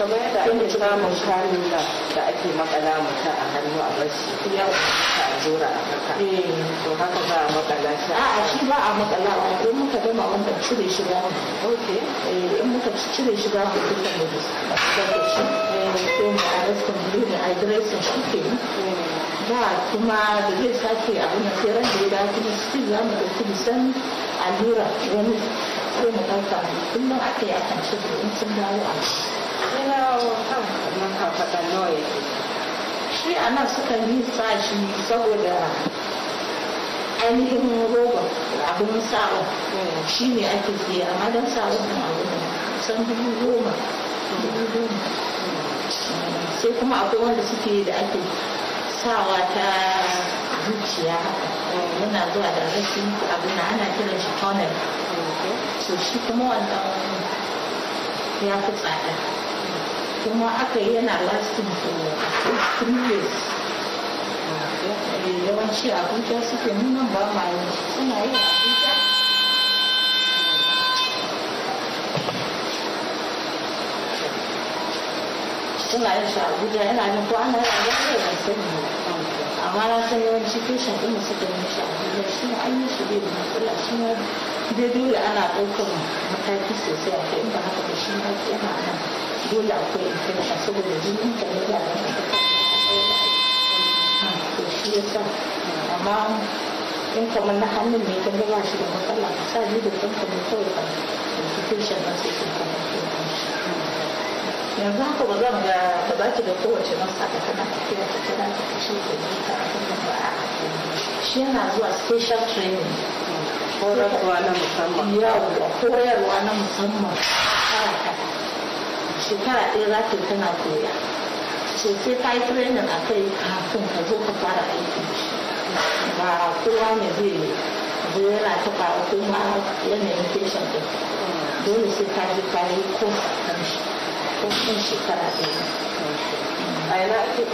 kamar yadda ake samun kanula da ake makala mutum a hannu a bashi ya ta zura a haka eh. to haka ba a makala shi a shi ba a makala a don muka gama wanda cire shi ba eh, in muka cire shi ba mu fita mu da shi sai mu rasta mu ne a dressing shi ke eh. ba kuma da zai sake a da sai da ya dawo kuma still za mu ɗauki san allura wani ko mu ɗauka kullum aka yi akan da in sun dawo a shi a nan suka yi sa sashi saboda ainihin roba abin sawa shi ne ake fiye amma don sawa na san dubu goma sai kuma akwai wanda suke da ake sawa ta zuciya muna zuwa da rashin abin da ana kiran shi tunnel so shi kuma wannan ya fi tsada kuma aka yi yana lasting for three days yawanci abuja suke nunan ba ma yi suna yi abuja suna yi shi abuja yana nan ko ana yi abuja da sani amma na san yawanci tushen ɗin suka yi shi abuja shi ne an yi shi bai da matsala shi ne dai dole ana ɗaukar mataki sosai a kai in ba haka da shi ne ake nan 多聊会，跟他说过的，今天讲的两个，啊，有些像，我妈，因为我们那还没没跟那外事的，我跟老在日本跟我们做的，我是最想到最喜欢的。yanzu haka ba zan ga ba za ki da kowace masa da kana tafiya da kana tafi da ni ta ba shi yana zuwa special training horarwa na musamman yawo horarwa na musamman shekara ɗaya za ta tana koya ce sai ta yi training a kai kafin ka zo ka fara aiki shi kowa ne zai zo yana taɓa kuma yanayin patient ɗin dole sai ta ta yi shekara ɗaya a yana ake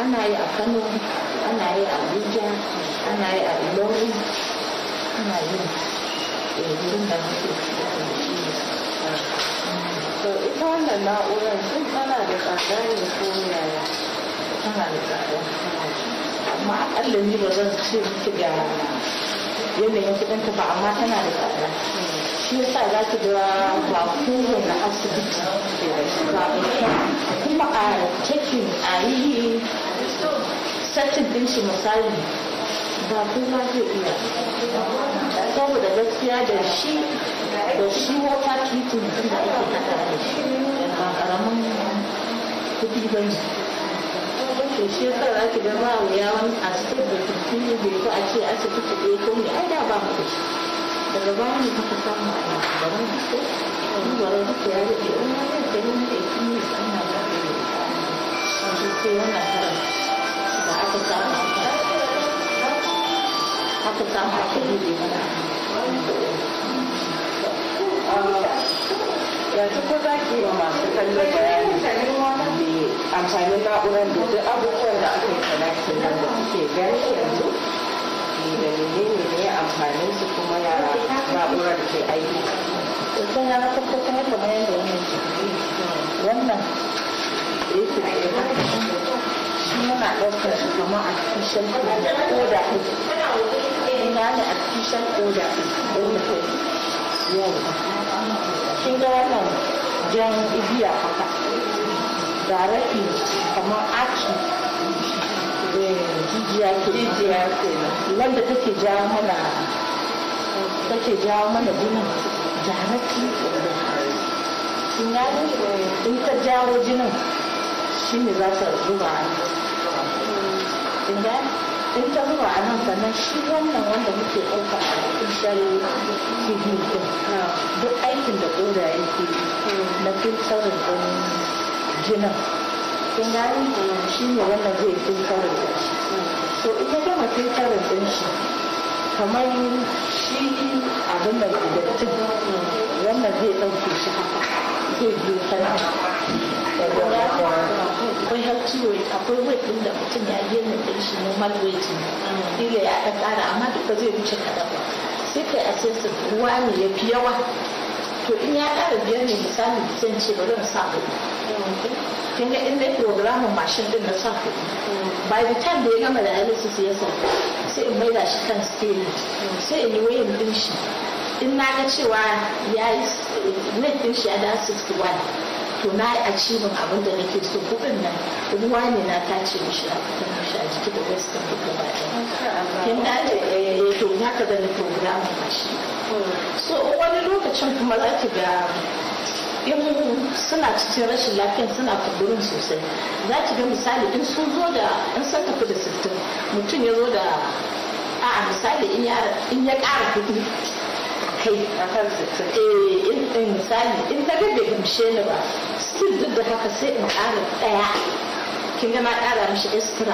ana yi a kano ana yi a to ita wannan na'urar shin tana da tsada ne ko yaya tana da tsada amma akalla ni ba zan ce miki yadda yanayin kuɗin ta ba amma tana da tsada shi yasa za ki ga ba kowane asibiti ba kuma a cikin a yi satin shi misali ba kowa zai iya saboda gaskiya da shi da shi wata titin da ake kasa da shi ba karamin kudi ba ne to shi ya sa ake da ba wuya wani a state da yi ko a ce asibiti ɗaya ko ne ai da ba mu da shi daga ba mu samu a gaban ko wani da duka ya rage in wani da ne da ke yi ana ba da shi da wannan karan da aka samu a haka yanzu ko za ki yi masu kallo bayani amfanin na'urar da abubuwan da aka yi da eh, da menene ne amfanin su kuma yara na'urar ke aiki yanzu ya na farko kuma kamar yadda wannan da shi a cikin shan ko da in ga da artificial oda kin ga wannan jan igiya haka ga rafi kamar aki eh, jijiya ke jijiya ke wanda take ja mana take ja mana jini jaraki kin ga eh, in ka jawo jinin shine za ta zuba kin ga in ta zuba a nan shi wannan wanda muke ɗauka a cikin duk aikin da ƙoda yake na ɗin shi ne wannan zai shi ita gama filtarin ɗin shi kamar shi abin da wannan zai ɗauke shi haka akwai har ciwo akwai weight din da mutum ya gina din shi normal weight ile ya ɗan ƙara amma duka zai wuce kaɗan sai kai su ruwa ne ya fi yawa to in ya ƙara biyar ne misali zan ce ba zan sa kuɗi kin ga inda programin mashin din na sa kuɗi by the time da ya gama dialysis ya sauka sai in maida shi kan scale sai in yi wayan din shi in na ga cewa ya yi net eh, din shi ya da 61 to na yi achieving abin da nake so kuɗin nan ruwa ne na tace mishi a kuɗin mishi a jiki da western duk gaba ɗaya na da eh, eh, to ya ka gani program shi so wani lokacin kuma za ki ga in suna cikin rashin lafiya suna kumburin sosai za ki ga misali in sun zo da in sun tafi da sittin mutum ya zo da a misali in ya ƙara kuɗi kai akan eh in misali in ta ga bai gamshe ni ba still duk da haka sai in ƙara ɗaya kin ga na ƙara mishi extra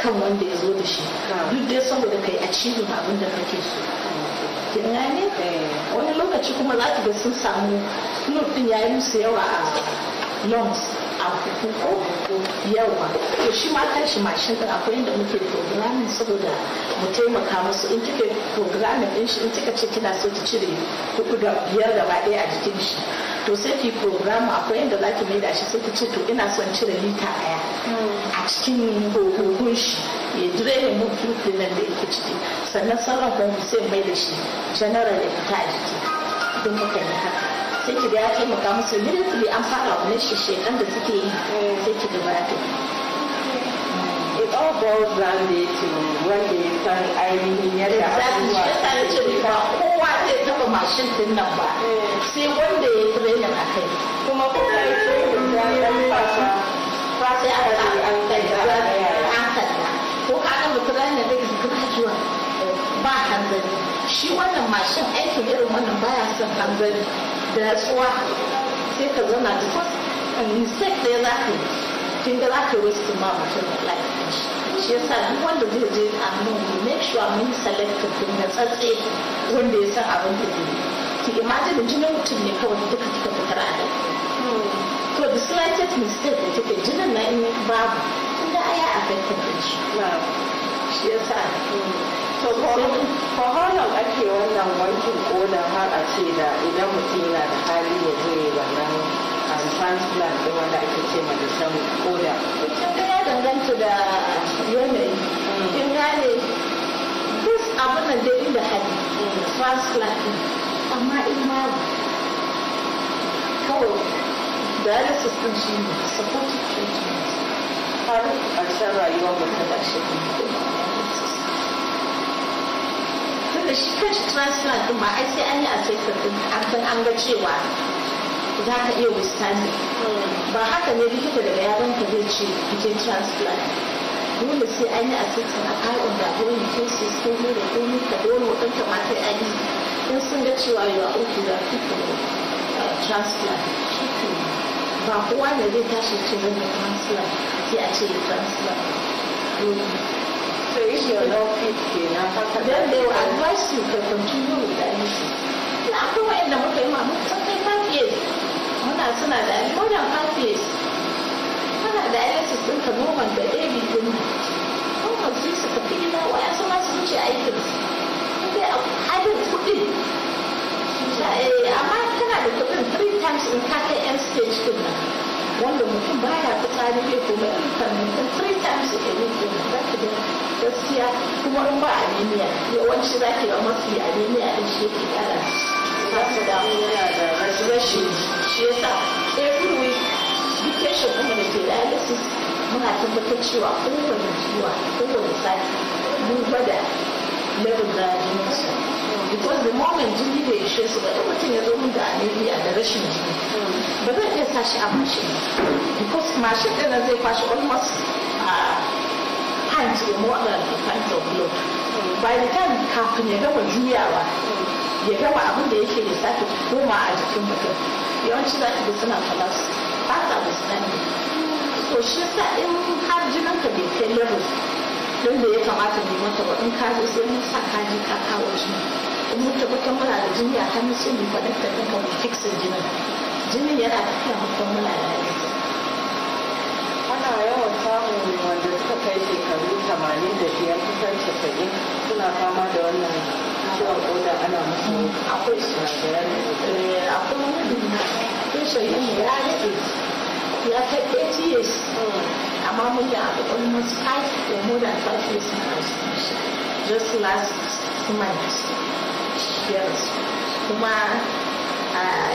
kan wanda ya zo da shi duk dai saboda kai a cikin abin da kake so kin gane eh. wani lokaci kuma za ka ga sun samu nufin yi musu yawa a lungs A abu ko yawa to shi ma kan shi mashin din akwai inda muke programin saboda mu taimaka musu in kika programin din shi in kika ce kina so ta cire hudu da biyar gaba ɗaya a jikin shi to sai ki program akwai inda za ki da shi sai ki ce to ina son cire lita ɗaya hmm. a cikin huhun shi ya dire ne mu nan da yake ciki sannan sarrafa sai mai da shi general ya fita a jiki don muka yi haka sai ki ga ya taimaka musu yadda immediately an fara wani shishe ɗan da suke yi eh, sai ki ga ya It all boils down to wanda ya san ainihin yadda a abubuwa. Exactly, shi yasa na ce kowa zai taɓa mashin din nan ba, sai wanda ya training a kai. Kuma kuma ya training da ya fasa. Fasa ya fasa an kalla. An kalla. Ko ka ga mutum ranar da ke zuwa ba hanzari. Shi wannan mashin aikin irin wannan baya son hanzari. da natsuwa sai ka zama da kwas mistake za ka za ka yi wasu ma da shi yasa duk wanda zai je a nan make sure mun din tsatse wanda ya san abin da zai ki imagine jinin mutum ne kawai duka kika fitar a nan to the slightest mistake da take jinin na in babu aya affected shi yasa so ko how long ake wannan wankin kodan har a ce da idan mutum yana da hali ya je wannan transplant din wanda ake ce ma da san koda kin ga ya danganta da yanayi kin gane duk abin da dai inda hali transplant amma in ma kawai dialysis din shi ne supportive treatment har ƙarshen rayuwar mutum a shi saboda shi kanshi transplant din ba ai sai an yi a ɗin an an ga cewa za ka iya wistani ba haka ne likita daga yaron ka zai ce bikin transplant dole sai an yi a cikin a ƙa'on da wani yi ko ne da ko ne ka dole ma sai a yi don sun ga cewa yawa uku da kuka transplant ba kowa ne zai tashi ce zai transplant sai a ce transplant So if you're not fit kenan haka then they will advise you to continue with Na akwai wa'anda muka yi ma muka five years muna suna da more than five years. Kana da dialysis ɗin ka normal da AB ɗin normal sai su tafi gida waya su ma su wuce aikin Sai a hadin kuɗin. Amma tana da kuɗin three times in ka kai stage ɗin wanda mutum ba ya tsari ke kuma yan karni ta three times a week ke za zaki da gaskiya kuma in ba anemia yawanci za ki ga mafi anemia ɗin shi yake ƙara za su damu yana da rashin shi yasa every week duk kuma da ke dialysis muna tabbatar cewa kowane zuwa kowane sati mun gwada level da jininsa because the moment jini bai ishe su ba mutum ya zo min da anemia da rashin jini ba zan iya sa shi a mashin because mashin ɗin zai kwashe almost a hand more than a pint of blood by the time kafin ya gama juyawa ya gama abin da yake ya sake koma a jikin mutum yawanci za ki ga suna falas ba sa gustani to shi sa in har jinin ka bai kai level don da ya kamata ne mata ba in ka zo sai mun sa kaji ka kawo jini mun tabbatar muna da jini a hannun sai mu faɗa ta kanka mu fixin jinin jinin yana tafiya mu kuma muna da ana yawan samun wanda suka kai shekaru tamanin da biyar kusan casa'in suna fama da wannan ciwon koda ana musu akwai sinadaran eh, akwai wani patient ne ya rage ya kai 80 years hmm. amma mun yi abu almost 5 or more than 5 years now just last month ya kuma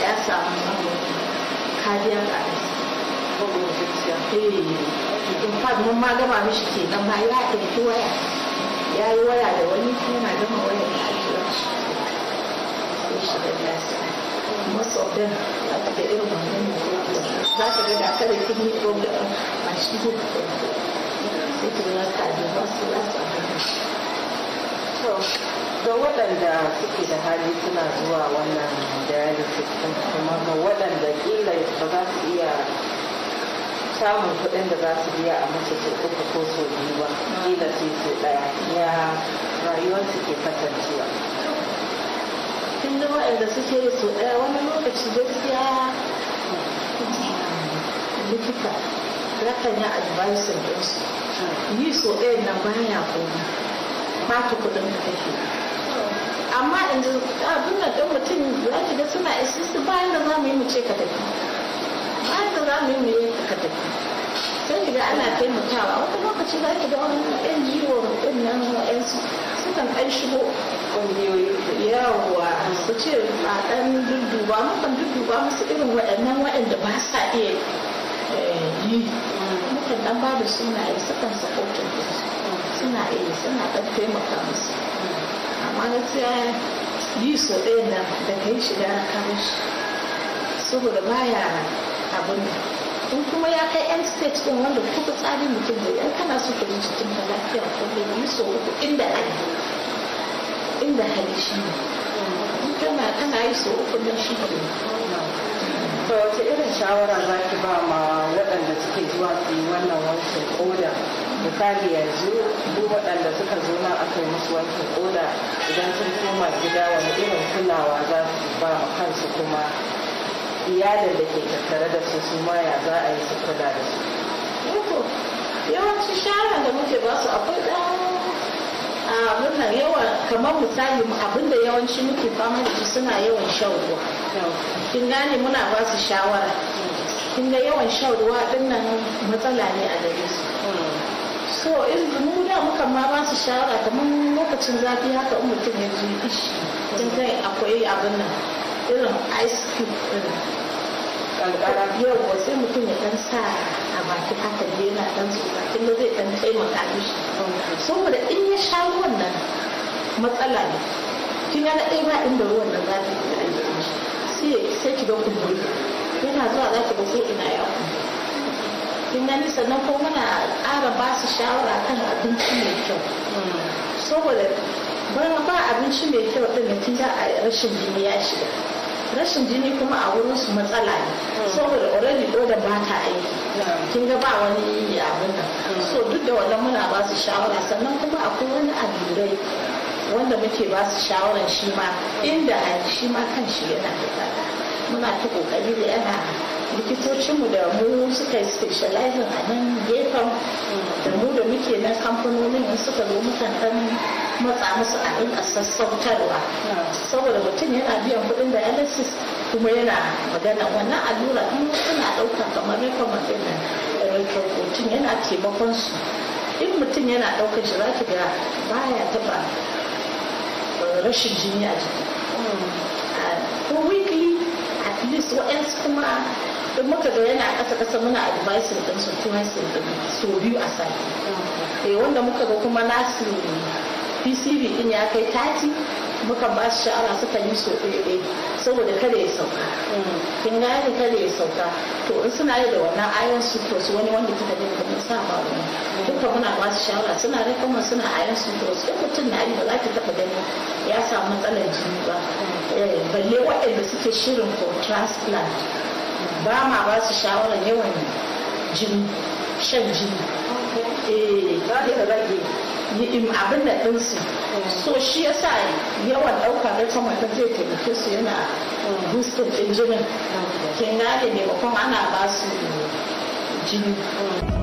ya samu kariyar arrest bugun zuciya tun fad ma gama mishi ke nan ma ya waya ya yi da wani gama waya da ajiyar ka ga waɗanda suke da hali suna zuwa wannan cikin kuma ga waɗanda kila ba za su iya samun kuɗin da za su biya a mace ce uku ko so biyu ba kila sai so ɗaya ya su ke kasancewa tun da waɗanda suke da so ɗaya wani lokaci gaskiya likita rakan ya advising ɗinsu yi so ɗaya na banya koma ba ta kuɗin da kake amma yanzu abin da ɗan mutum ya shiga suna isi bayan da za mu yi mu ce ka tafi bayan da za mu yi mu yi ka tafi sai shiga ana taimakawa wata lokaci za ki ga wani ɗan jiwo ɗin nan wa'yansu sukan ɗan shigo ƙungiyoyi yawa su ce a ɗan dudduba mukan dudduba musu irin waɗannan waɗanda ba sa iya eh, yi mukan ɗan ba da sunaye sukan sakotin suna iya suna ɗan taimaka musu amma gaskiya yi so ɗaya na da ka yi shiga na kawo shi saboda baya abin in kuma ya kai yan state ɗin wanda kuka tsarin mutum da yan kana so ka ji jikin ka lafiya ko da yi so uku inda hali inda hali shi ne in kana kana yi so uku nan shi ne to wace irin shawara za ki ba ma waɗanda suke zuwa su yi wannan wancan koda misali yanzu duk waɗanda suka zo nan aka yi musu wanke koda idan sun koma gida wani irin kulawa za su ba ma kansu kuma iyalin da ke tattare da su su maya za a yi su kula da su eh yawanci shara da muke ba su akwai ɗan abin nan yawa kamar misali abin da yawanci muke fama da su suna yawan shan ruwa kin gane muna ba su shawara kin ga yawan shan ruwa nan matsala ne a gare su hmm. to irin mu da muka ma ba su shawara kamar lokacin zafi haka in mutum ya ji ishi don kai akwai abin nan irin ice cream din kankara yau ba sai mutum ya dan sa a baki haka da yana dan zuba inda zai dan taimaka mishi saboda in ya sha ruwan nan matsala ne kina na ɗaya ba inda ruwan nan zafi da ake sai sai ki ga kumburi yana zuwa za ki ga sai ina ya kumburi kin gani sannan ko muna ƙara ba su shawara kan abinci mai kyau saboda bayan ba abinci mai kyau din mutum za a rashin jini ya shiga rashin jini kuma a wurin su matsala ne saboda already oda ba ta aiki kin ga ba wani abin nan so duk da wannan muna ba su shawara sannan kuma akwai wani da wanda muke ba su shawaran shi ma inda shi ma kan shi yana da muna ta kokari da yana likitocinmu da mu suka yi specializing a nan gefen da mu da muke na kamfanonin in suka zo mutan dan matsa musu a ɗin a sassautarwa saboda mutum yana biyan kuɗin alexis kuma yana magana wannan allura in suna ɗauka kamar recommended mutum yana taimakon su in mutum yana ɗaukar shi za ga baya taɓa eh, rashin jini a jiki hmm. ko at least waɗansu kuma in muka ga yana ƙasa ƙasa muna advising ɗin su tuwansu ɗin so biyu a sati eh, wanda muka ga kuma nasu pcv ɗin ya kai 30 muka ba shi shawara suka yi so ɗaya saboda kada ya sauka kin gane kada ya sauka to in suna yi da wannan ayan su to su wani wanda kika dinga mun sa ba wani duka muna ba su shawara suna kuma suna ayan su to su mutum na yi ba za ki taɓa gani ya samu matsalar jini ba eh, balle waɗanda suke shirin for transplant ba ma ba su shawarar yawan jini shan jini eh ba ki rage abin da ɗinsu eh, so shi yasa yawan ɗaukar kama ta zai taimake su yana eh, boosting ɗin jinin kin gane ne ana ba su jini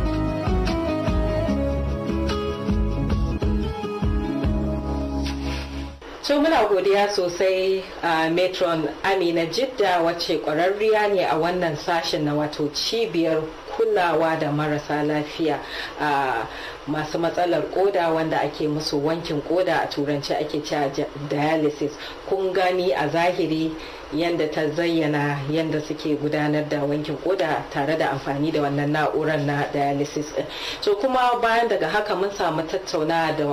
so muna godiya sosai a uh, metron amina jidda wacce ƙwararriya ne a wannan sashen na wato cibiyar kulawa da marasa lafiya a uh, masu matsalar koda wanda ake musu wankin koda a turanci ake cewa dialysis kun gani a zahiri yadda ta zayyana yadda suke gudanar da wankin koda tare da amfani da wannan na'urar na dialysis din so kuma bayan daga haka mun samu tattauna da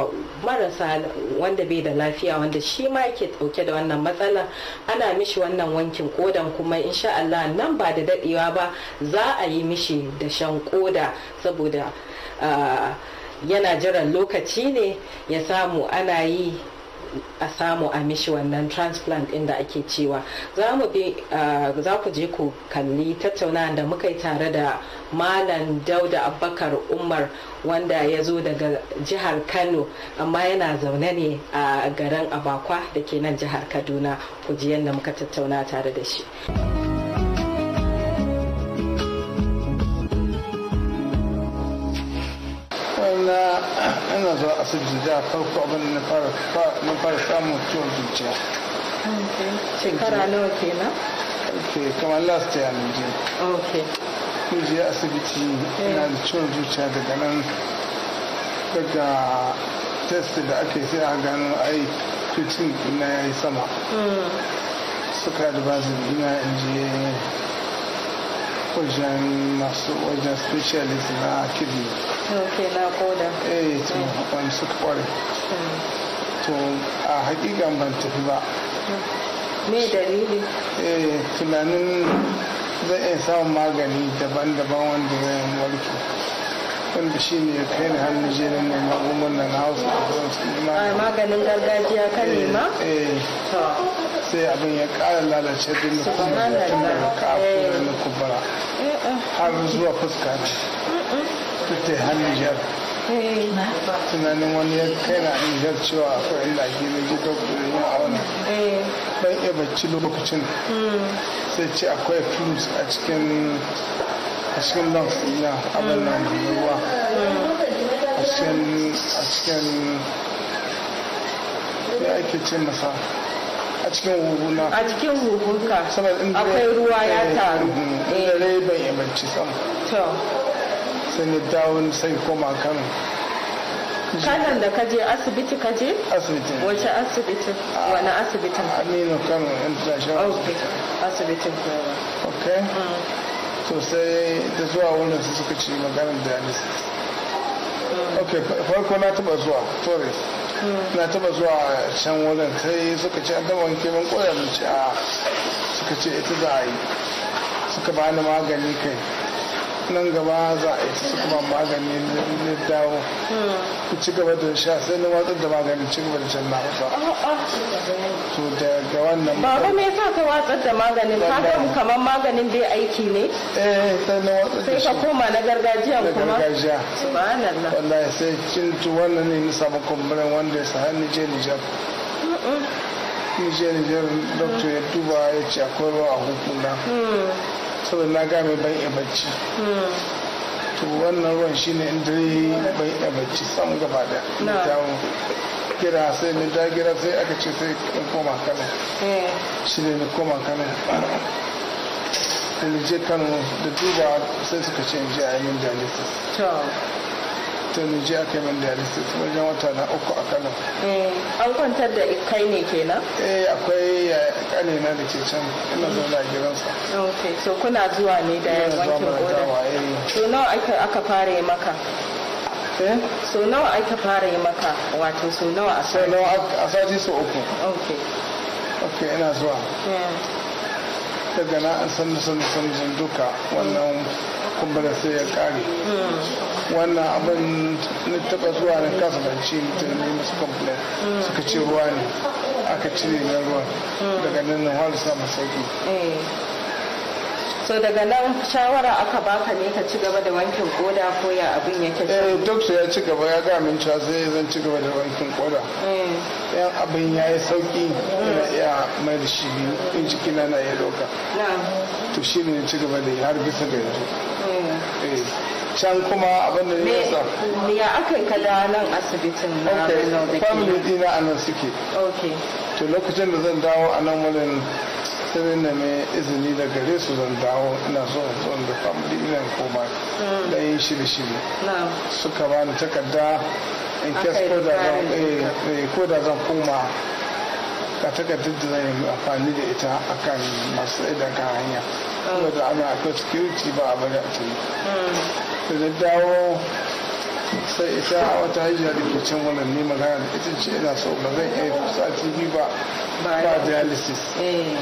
marasa wanda bai da lafiya wanda shi ma yake dauke da wannan matsala ana mishi wannan wankin kodan kuma insha Allah nan ba da dadewa ba za a yi mishi da shan koda saboda ah, yana jiran lokaci ne ya samu ana yi a samu a mishi wannan transplant inda ake cewa za mu bi ah, za ku je ku kalli tattauna da muka yi tare da malam dauda abubakar umar wanda ya zo daga jihar kano amma yana zaune ne a garin abakwa da ke nan jihar kaduna ku ji yadda muka tattauna tare da shi. illa ina zuwa asibiti da na fara samun ciwon zuciya shekara nawa kenan ok asibiti ina da ciwon zuciya daga nan daga test da ake sai a gano ai fitin sama hmm. ina wajen masu wajen specialist na kidney ok na koda eh to ban su kware to a hakika ban tafi ba me dalili eh tunanin zai iya samun magani daban-daban wanda zai warke wanda shi ne ya kai ni hannu na ne na nema umar na hausa a gurin su nema maganin gargajiya ka nema eh, sai abin ya kara lalace da na kuma da kafin da eh. na kubara har zuwa fuska ta ta hannun jar tunanin wani ya kai na jar cewa akwai inda ake ne ji yi a wani. Eh. ban iya bacci lokacin mm. sai ce akwai films a cikin a cikin lungs ɗina abin ruwa a cikin a cikin ya ake ce masa a cikin huhuna a cikin huhunka akwai ruwa ya eh, taru inda rai eh. ban yi bacci sama sai ni dawo sai koma Kan kanan da kaje asibiti kaje asibiti wace asibiti ah. wani asibitin aminu kano international asibitin kowa okay mm. sosai ta zuwa wurin su suka ci maganar dialysis ok farko na taba zuwa torres na taba zuwa can wurin sai suka ce an taba wanke min koyar ci a ah, suka ce ita za a yi suka bani magani kai nan gaba za a yi su kuma magani na dawo ku ci gaba da sha sai na watsar da magani ci gaba da shan na masa so daga wannan baba me yasa ka watsar da maganin ka ga kamar maganin bai aiki ne eh sai na watsar da sai ka koma na gargajiya kuma gargajiya subhanallah wallahi sai kin tu wannan ne ni samu kumburin wanda ya sa hannu je Nijar Nijar Nijar doctor ya duba ya ce akwai ruwa a hukuna mm. saboda na game bai iya bacci to wannan ruwan shine in dare bai iya bacci sam gaba da dawo gira sai ni da gira sai aka ce sai in koma kano eh. shi ne ni koma kano da je kano da duba sai suka ce in je a yi min ta na je aka yi min dialysis jan wata na uku a kano eh, an kwantar da kai ne kenan eh akwai kane na da ke can ina zaune a gidansa ok so kuna zuwa ne da wankin koda eh. so nawa aka fara yi maka eh? so nawa aka fara yi maka wato so nawa a sati so uku ok ok ina zuwa daga na sannu sannu sannu duka wannan kumbura sai ya kare wannan abin na taba zuwa na kasa bance mutum masu complain suka ce ruwa ne aka cire na ruwa daga nan na wani samun sauki eh. so daga nan shawara aka baka ne ka ci gaba da wankin koda ko ya abin yake eh doctor ya ci gaba ya ga min cewa zai zan ci gaba da wankin koda eh. yan abin ya yi sauki ina iya mai da shi biyu in ciki na na ya doka to shi ne ci gaba da har bisa ga yanzu eh. Eh, can kuma abin da ya sa me ya aka yi kada nan asibitin na family dina a nan suke to lokacin da zan dawo a nan sai na mai izini da gare su zan dawo ina so in zo da famili ina koma da yin mm. shirye shirye suka bani takarda in kes ko da eh, eh, zan koma ka takardar da zan yi amfani da ita akan masu idan ka hanya mm. saboda ana akwai security ba a bari a tuni da mm. dawo sai ita wata hajiya da ke cin wannan ne magana da ita ce ina so ba zan iya fusa tv ba ba dialysis eh.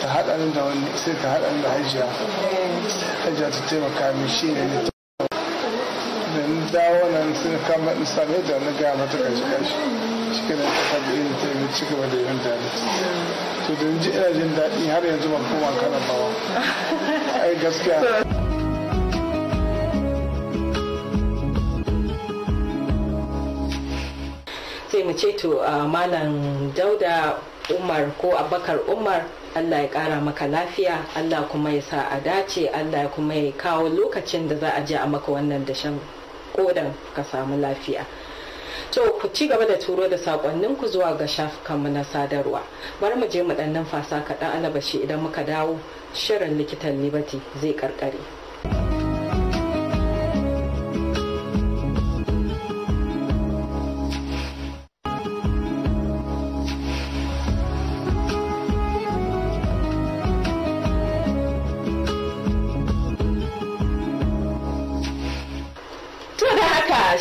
ta haɗa da wani sai ta haɗa da hajiya eh. hajiya ta taimaka min shi ne da dawo nan sun kama in same da na gaya mata kashi kashi cikin da ta bi in ta yi cika da yin dialysis to da ji ina jin daɗi har yanzu ban koma kanan bawa, <laughs> ai gaskiya mu ce to malam dauda umar ko abakar umar allah ya kara maka lafiya allah kuma ya sa a dace allah ya kuma ya kawo lokacin da za a je a maka wannan dashen kodan ka samu lafiya to ku ci gaba da turo da sakonnin ku zuwa ga shafukanmu na sadarwa bari mu je mu dan numfasa kaɗan alabashi idan muka dawo shirin likitan liberty zai karkare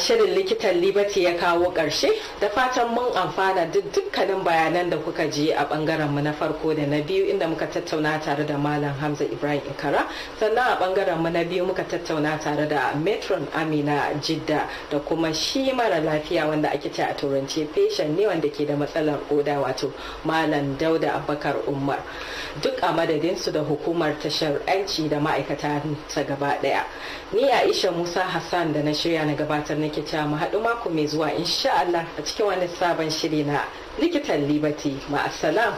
shirin likitan liberty ya kawo ƙarshe da fatan mun amfana duk dukkanin bayanan da kuka ji a bangaren mu na farko da na biyu inda muka tattauna tare da malam hamza ibrahim ikara sannan a bangaren mu na biyu muka tattauna tare da metron amina jidda da kuma shi mara lafiya wanda ake ce a turance patient ne wanda ke da matsalar koda wato malam dauda abubakar umar duk a madadin su da hukumar tashar 'yanci da ma'aikata ta gaba daya ni aisha musa hassan da na shirya na gabatar na nake mu haɗu mako mai zuwa insha Allah a cikin wani sabon shiri na likitan libati ma'asalam